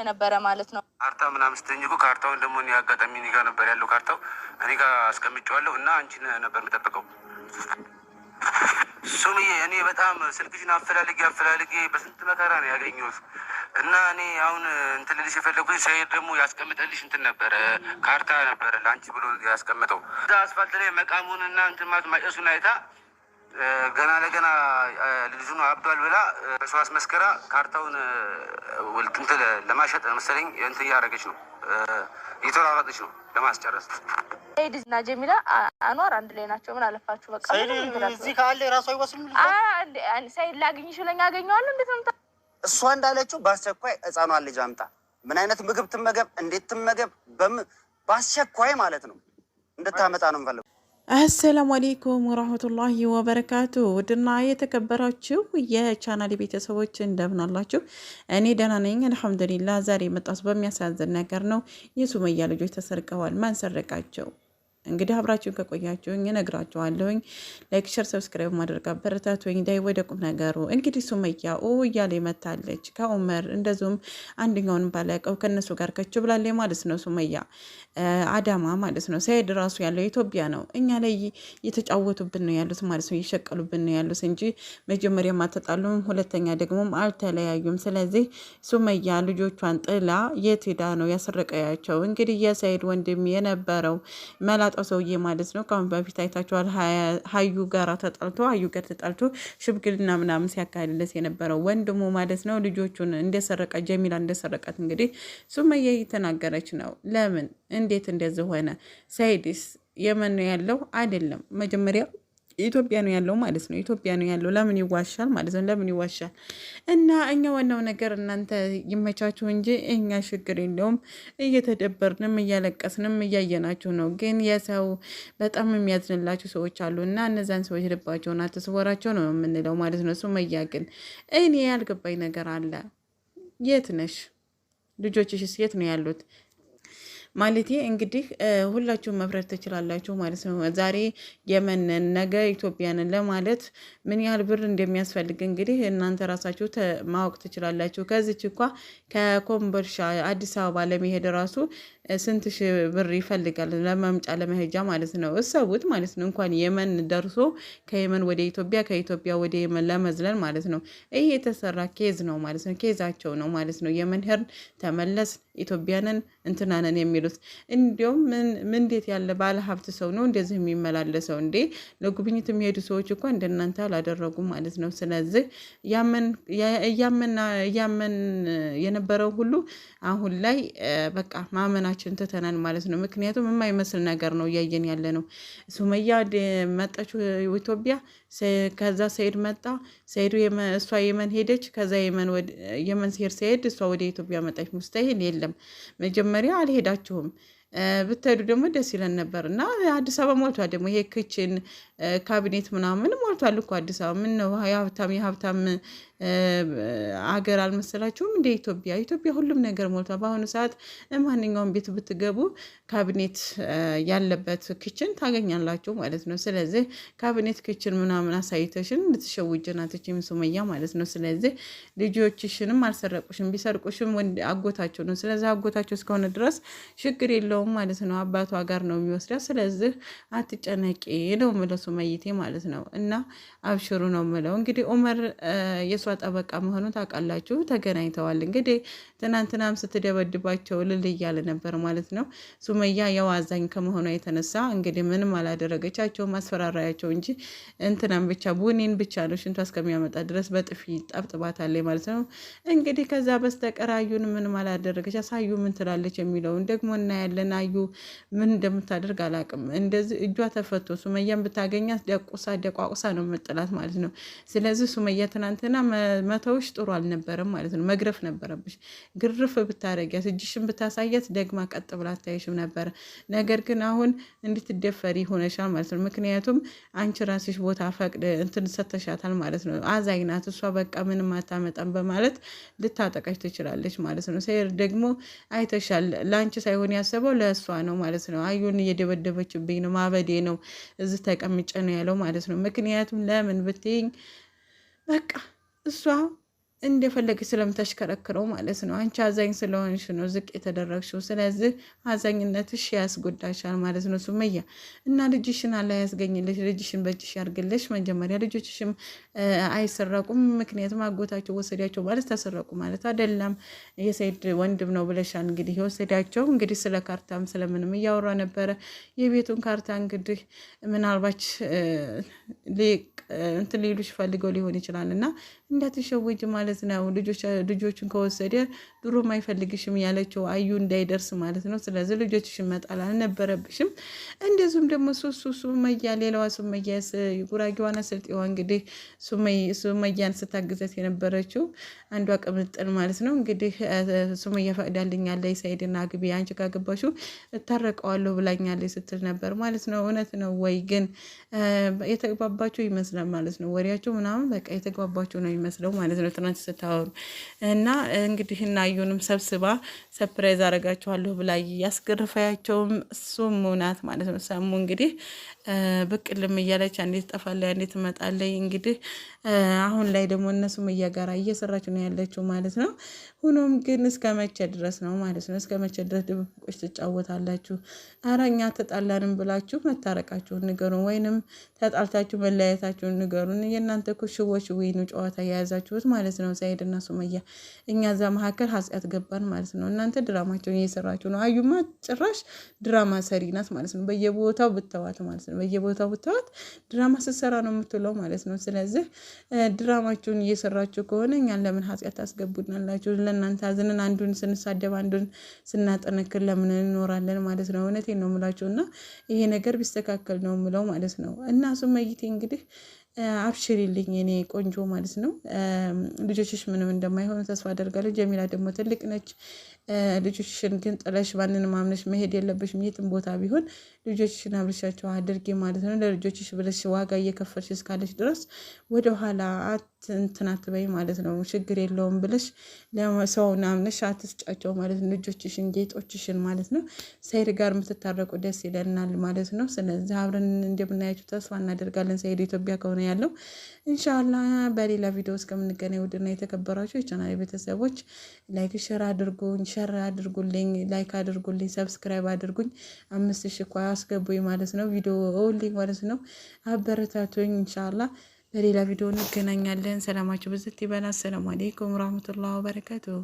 የነበረ ማለት ነው። ካርታ ምናምን ስትለኝ እኮ ካርታውን ደግሞ እኔ አጋጣሚ እኔ ጋር ነበር ያለው ካርታው እኔ ጋር አስቀምጨዋለሁ እና አንቺን ነበር የምጠብቀው ሱምዬ። እኔ በጣም ስልክሽን አፈላልጌ አፈላልጌ በስንት መከራ ነው ያገኘሁት እና እኔ አሁን እንትን ልልሽ የፈለጉኝ ሰሄድ ደግሞ ያስቀምጠልሽ እንትን ነበረ ካርታ ነበረ ለአንቺ ብሎ ያስቀምጠው እዛ አስፋልት ላይ እና እንትን ማጨሱን አይታ ገና ለገና ልጁን አብዷል ብላ ሰው አስመስከራ ካርታውን ውልጥንት ለማሸጥ መሰለኝ እንትን እያደረገች ነው፣ እየተሯሯጠች ነው ለማስጨረስ። ሰይድ እና ጀሚላ አኗር አንድ ላይ ናቸው። ምን አለፋችሁ በቃ እዚህ ካለ የራሱ አይወስም። ሰይድ ላግኝሽ ብለኝ አገኘዋለሁ። እንዴት ምታ እሷ እንዳለችው በአስቸኳይ ህፃኗን ልጅ አምጣ፣ ምን አይነት ምግብ ትመገብ፣ እንዴት ትመገብ፣ በም በአስቸኳይ ማለት ነው እንድታመጣ ነው የምፈልገው። አሰላሙ አሌይኩም ወራህመቱላሂ ወበረካቱ። ውድና የተከበራችሁ የቻናል ቤተሰቦች እንደምናላችሁ፣ እኔ ደህና ነኝ አልሐምዱሊላ። ዛሬ መጣሁት በሚያሳዝን ነገር ነው። የሱመያ ልጆች ተሰርቀዋል። ማን ሰረቃቸው? እንግዲህ አብራችሁን ከቆያችሁኝ እነግራችኋለሁኝ። ላይክ፣ ሸር፣ ሰብስክራይብ ማድረግ አበረታቱኝ። ዳይ ወደ ቁም ነገሩ እንግዲህ ሱመያ ኦ እያለ ይመታለች ከኡመር እንደዚሁም አንደኛውን ባላቀው ከእነሱ ጋር ከች ብላለች ማለት ነው። ሱመያ አዳማ ማለት ነው። ሰይድ ራሱ ያለው ኢትዮጵያ ነው። እኛ ላይ እየተጫወቱብን ነው ያሉት ማለት ነው። እየሸቀሉብን ነው ያሉት እንጂ መጀመሪያ አልተጣሉም፣ ሁለተኛ ደግሞ አልተለያዩም። ስለዚህ ሱመያ ልጆቿን ጥላ የት ሄዳ ነው ያሰረቀያቸው? እንግዲህ የሰይድ ወንድም የነበረው መላጥ የሚያውቀው ሰውዬ ማለት ነው። ከአሁን በፊት አይታችኋል። ሀዩ ጋር ተጠልቶ ሀዩ ጋር ተጠልቶ ሽብግልና ምናምን ሲያካሂድለት የነበረው ወንድሙ ማለት ነው። ልጆቹን እንደሰረቀ ጀሚላ እንደሰረቀት እንግዲህ ሱመያ እየተናገረች ነው። ለምን እንዴት እንደዚህ ሆነ? ሰይድስ የመን ያለው አይደለም መጀመሪያ ኢትዮጵያ ነው ያለው ማለት ነው። ኢትዮጵያ ነው ያለው። ለምን ይዋሻል ማለት ነው። ለምን ይዋሻል? እና እኛ ዋናው ነገር እናንተ ይመቻችሁ እንጂ እኛ ችግር የለውም። እየተደበርንም እያለቀስንም እያየናችሁ ነው። ግን የሰው በጣም የሚያዝንላችሁ ሰዎች አሉ እና እነዚያን ሰዎች ልባቸውን አትስወራቸው ነው የምንለው ማለት ነው። ሱመያ ግን እኔ ያልገባኝ ነገር አለ። የት ነሽ? ልጆችሽስ የት ነው ያሉት? ማለት እንግዲህ ሁላችሁም መፍረድ ትችላላችሁ ማለት ነው። ዛሬ የመንን ነገ ኢትዮጵያንን ለማለት ምን ያህል ብር እንደሚያስፈልግ እንግዲህ እናንተ ራሳችሁ ማወቅ ትችላላችሁ። ከዚች እኳ ከኮምቦልቻ አዲስ አበባ ለመሄድ ራሱ ስንት ሺ ብር ይፈልጋል ለመምጫ ለመሄጃ ማለት ነው። እሰቡት ማለት ነው። እንኳን የመን ደርሶ ከየመን ወደ ኢትዮጵያ ከኢትዮጵያ ወደ የመን ለመዝለል ማለት ነው። ይህ የተሰራ ኬዝ ነው ማለት ነው። ኬዛቸው ነው ማለት ነው። የመን ሄርን ተመለስ ኢትዮጵያንን እንትናነን የሚሉት እንዲሁም ምንዴት ያለ ባለ ሀብት ሰው ነው እንደዚህ የሚመላለሰው እንዴ? ለጉብኝት የሚሄዱ ሰዎች እኮ እንደናንተ አላደረጉም ማለት ነው። ስለዚህ እያመን የነበረው ሁሉ አሁን ላይ በቃ ማመናችን ትተናል ማለት ነው። ምክንያቱም የማይመስል ነገር ነው እያየን ያለ ነው። ሱመያ መጣች ኢትዮጵያ፣ ከዛ ሰይድ መጣ። ሰይዱ እሷ የመን ሄደች። ከዛ የመን ሲሄድ ሰይድ እሷ ወደ ኢትዮጵያ መጣች። ሙስተሂል የለም መጀመሪያ መጀመሪያ አልሄዳችሁም ብትሄዱ ደግሞ ደስ ይለን ነበር እና አዲስ አበባ ሞልቷል። ደግሞ ይሄ ክችን ካቢኔት ምናምን ሞልቷል እኮ አዲስ አበባ። ነው የሀብታም የሀብታም አገር አልመሰላችሁም? እንደ ኢትዮጵያ ኢትዮጵያ ሁሉም ነገር ሞልቷል። በአሁኑ ሰዓት ማንኛውም ቤት ብትገቡ ካቢኔት ያለበት ክችን ታገኛላችሁ ማለት ነው። ስለዚህ ካቢኔት ክችን ምናምን አሳይተሽን ልትሸውጅን አትችይም ሱመያ ማለት ነው። ስለዚህ ልጆችሽንም አልሰረቁሽም፣ ቢሰርቁሽም አጎታቸው ነው። ስለዚህ አጎታቸው እስከሆነ ድረስ ችግር የለውም ማለት ነው። አባቷ ጋር ነው የሚወስዳ። ስለዚህ አትጨነቂ ነው የምለው ሱመይቴ ማለት ነው። እና አብሽሩ ነው ምለው እንግዲህ ኦመር ኡመር ጠበቃ መሆኑ ታውቃላችሁ። ተገናኝተዋል። እንግዲህ ትናንትናም ስትደበድባቸው ልል እያለ ነበር ማለት ነው። ሱመያ ያው አዛኝ ከመሆኗ የተነሳ እንግዲህ ምንም አላደረገቻቸው፣ አስፈራራያቸው እንጂ እንትናም ብቻ ቡኒን ብቻ ነው ሽንቷ እስከሚያመጣ ድረስ በጥፊ ጠብጥባታለች ማለት ነው። እንግዲህ ከዛ በስተቀር አዩን ምንም አላደረገች። አሳዩ ምን ትላለች የሚለውን ደግሞ እናያለን። አዩ ምን እንደምታደርግ አላውቅም። እንደዚህ እጇ ተፈቶ ሱመያን ብታገኛት ደቁሳ ደቋቁሳ ነው የምጥላት ማለት ነው። ስለዚህ ሱመያ ትናንትና መተውሽ ጥሩ አልነበረም ማለት ነው። መግረፍ ነበረብሽ። ግርፍ ብታረጊያት፣ እጅሽን ብታሳያት ደግማ ቀጥ ብላ አታይሽም ነበረ። ነገር ግን አሁን እንድትደፈሪ ሆነሻል ማለት ነው። ምክንያቱም አንቺ ራስሽ ቦታ ፈቅድ እንትን ሰተሻታል ማለት ነው። አዛኝ ናት እሷ፣ በቃ ምንም አታመጣም በማለት ልታጠቃሽ ትችላለች ማለት ነው። ሰይር ደግሞ አይተሻል። ለአንቺ ሳይሆን ያሰበው ለእሷ ነው ማለት ነው። አዩን እየደበደበችብኝ ነው፣ ማበዴ ነው፣ እዚህ ተቀምጬ ነው ያለው ማለት ነው። ምክንያቱም ለምን ብትይኝ በቃ 说。እንደፈለግ ስለምታሽከረክረው ማለት ነው። አንቺ አዛኝ ስለሆንሽ ነው ዝቅ የተደረግሽው። ስለዚህ አዛኝነትሽ ያስጎዳሻል ማለት ነው ሱመያ። እና ልጅሽን አላህ ያስገኝልሽ፣ ልጅሽን በእጅሽ ያርግልሽ። መጀመሪያ ልጆችሽም አይሰረቁም። ምክንያቱም አጎታቸው ወሰዳቸው ማለት ተሰረቁ ማለት አይደለም። የሰይድ ወንድም ነው ብለሻ እንግዲህ የወሰዳቸው እንግዲህ ስለ ካርታም ስለምንም እያወራ ነበረ። የቤቱን ካርታ እንግዲህ ምናልባች ሊቅ እንትን ሊሉሽ ፈልገው ሊሆን ይችላል እና እንዳትሸወጅ ማለት ማለት ነው። ልጆችን ከወሰደ ድሮ አይፈልግሽም ያለችው አዩ እንዳይደርስ ማለት ነው። ስለዚህ ልጆችሽን መጣል አልነበረብሽም። እንደዚሁም ደግሞ ሱሱ ሱመያ፣ ሌላዋ ሱመያ ጉራጌዋና ስልጤዋ እንግዲህ ሱመያን ስታግዘት የነበረችው አንዷ ቅምጥል ማለት ነው። እንግዲህ ሱመያ ፈቅዳልኛለች ሰኢድና ግቢ አንቺ ካገባሽው እታረቀዋለሁ ብላኛለች ስትል ነበር ማለት ነው። እውነት ነው ወይ ግን የተግባባችሁ ይመስላል ማለት ነው። ወሬያችሁ ምናምን በቃ የተግባባችሁ ነው ይመስለው ማለት ነው። ስታወሩ እና እንግዲህ እናዩንም ሰብስባ ሰፕራይዝ አረጋችኋለሁ ብላ ያስገርፋያቸውም እሱም ሙናት ማለት ነው። ሰሙ እንግዲህ በቅልም እያለች አንዴት ትጠፋለች፣ አንዴት ትመጣለች። እንግዲህ አሁን ላይ ደግሞ እነሱም እያጋራ እየሰራች ነው ያለችው ማለት ነው። ሆኖም ግን እስከ መቼ ድረስ ነው ማለት ነው? እስከ መቼ ድረስ ድብቆች ትጫወታላችሁ? አረ እኛ ተጣላንም ብላችሁ መታረቃችሁን ንገሩን፣ ወይንም ተጣልታችሁ መለያየታችሁን ንገሩን። የእናንተ ኩሽዎች ወይኑ ጨዋታ የያዛችሁት ማለት ነው። ነው ዘይድ እና ሱመያ። እኛ እዛ መካከል ኃጢአት ገባን ማለት ነው። እናንተ ድራማቸውን እየሰራችሁ ነው። አዩማ ጭራሽ ድራማ ሰሪ ናት ማለት ነው። በየቦታው ብተዋት ማለት ነው። በየቦታው ብተዋት ድራማ ስትሰራ ነው የምትውለው ማለት ነው። ስለዚህ ድራማቸውን እየሰራችሁ ከሆነ እኛን ለምን ኃጢአት አስገቡናላችሁ ለእናንተ አዝንን አንዱን ስንሳደብ አንዱን ስናጠነክር ለምን እንኖራለን ማለት ነው። እውነቴን ነው የምላችሁ እና ይሄ ነገር ቢስተካከል ነው የምለው ማለት ነው እና ሱመይቴ እንግዲህ አብሽሪልኝ እኔ ቆንጆ ማለት ነው። ልጆችሽ ምንም እንደማይሆኑ ተስፋ አደርጋለሁ። ጀሚላ ደግሞ ትልቅ ነች። ልጆችሽን ግን ጥለሽ ማንንም አምነሽ መሄድ የለብሽም። የትም ቦታ ቢሆን ልጆችሽን አብርሻቸው አድርጌ ማለት ነው። ለልጆችሽ ብለሽ ዋጋ እየከፈልሽ እስካለሽ ድረስ ወደኋላ እንትን አትበይ ማለት ነው። ችግር የለውም ብለሽ ለሰው ናምነሽ አትስጫቸው ማለት ነው። ልጆችሽን፣ ጌጦችሽን ማለት ነው። ሰይድ ጋር የምትታረቁ ደስ ይለናል ማለት ነው። ስለዚህ አብረን እንደምናያቸው ተስፋ እናደርጋለን። ሰይድ ኢትዮጵያ ከሆነ ያለው እንሻላ። በሌላ ቪዲዮ እስከምንገናኝ ውድና የተከበራቸው የቻናል ቤተሰቦች ላይክ ሸር አድርጉኝ፣ ሸር አድርጉልኝ፣ ላይክ አድርጉልኝ፣ ሰብስክራይብ አድርጉኝ። አምስት ሺህ እኮ አስገቡኝ ማለት ነው። ቪዲዮ ውልኝ ማለት ነው። አበረታቱኝ እንሻላ በሌላ ቪዲዮ እንገናኛለን። ሰላማችሁ ብዝት ይበላ። አሰላሙ አሌይኩም ረህመቱላህ ወበረካቱሁ